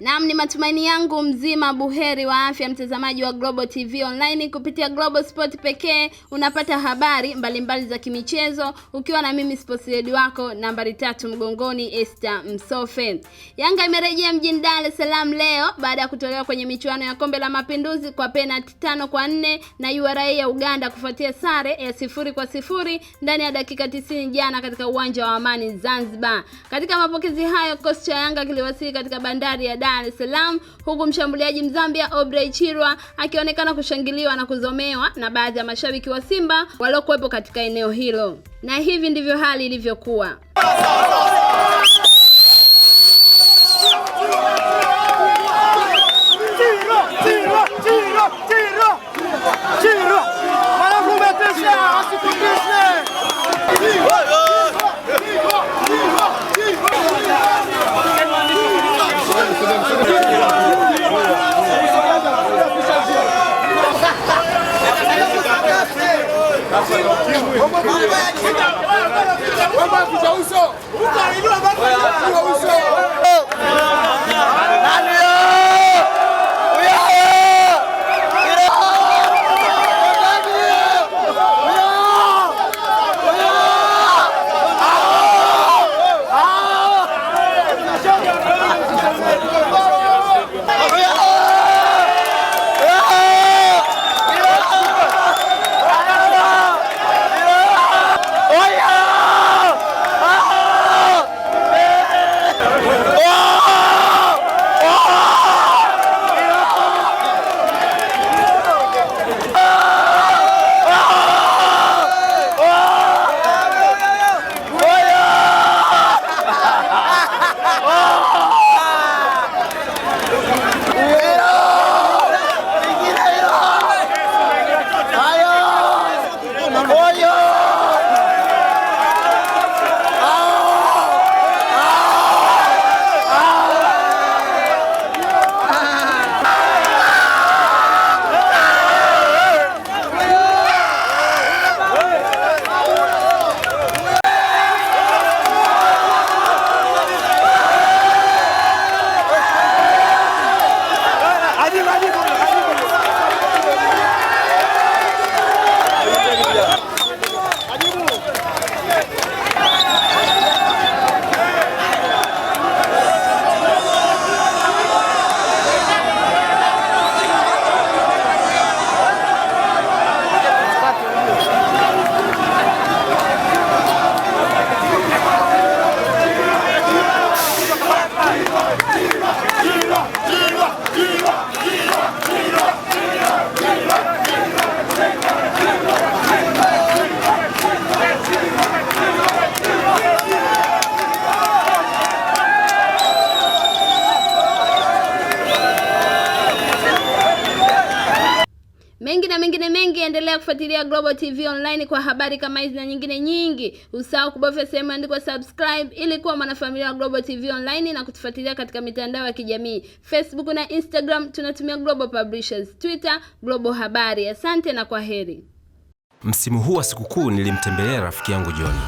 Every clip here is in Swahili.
Naam, ni matumaini yangu mzima buheri wa afya, mtazamaji wa Global TV Online. Kupitia Global Sport pekee unapata habari mbalimbali mbali za kimichezo, ukiwa na mimi sports lady wako nambari tatu mgongoni, Esther Msofe. Yanga imerejea mjini Dar es Salaam leo baada ya kutolewa kwenye michuano ya kombe la mapinduzi kwa penalti tano kwa nne na URA ya Uganda kufuatia sare ya sifuri kwa sifuri ndani ya dakika tisini jana katika uwanja wa Amani Zanzibar. Katika mapokezi hayo, kikosi cha Yanga kiliwasili katika bandari ya Dar es Salaam, huku mshambuliaji Mzambia Aubrey Chirwa akionekana kushangiliwa na kuzomewa na baadhi ya mashabiki wa Simba waliokuwepo katika eneo hilo, na hivi ndivyo hali ilivyokuwa. Mambo ya kichauso Mengi na mengine mengi, endelea kufuatilia Global TV Online kwa habari kama hizi na nyingine nyingi. Usahau kubofya sehemu andikwa subscribe ili kuwa mwanafamilia wa Global TV Online na kutufuatilia katika mitandao ya kijamii Facebook na Instagram, tunatumia Global Publishers, Twitter Global Habari. Asante na kwa heri. Msimu huu wa sikukuu nilimtembelea rafiki yangu Joni.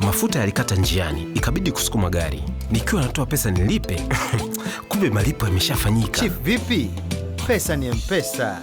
Mafuta yalikata njiani, ikabidi kusukuma gari. Nikiwa natoa pesa nilipe kumbe malipo yameshafanyika. Chief vipi? Pesa ni Mpesa.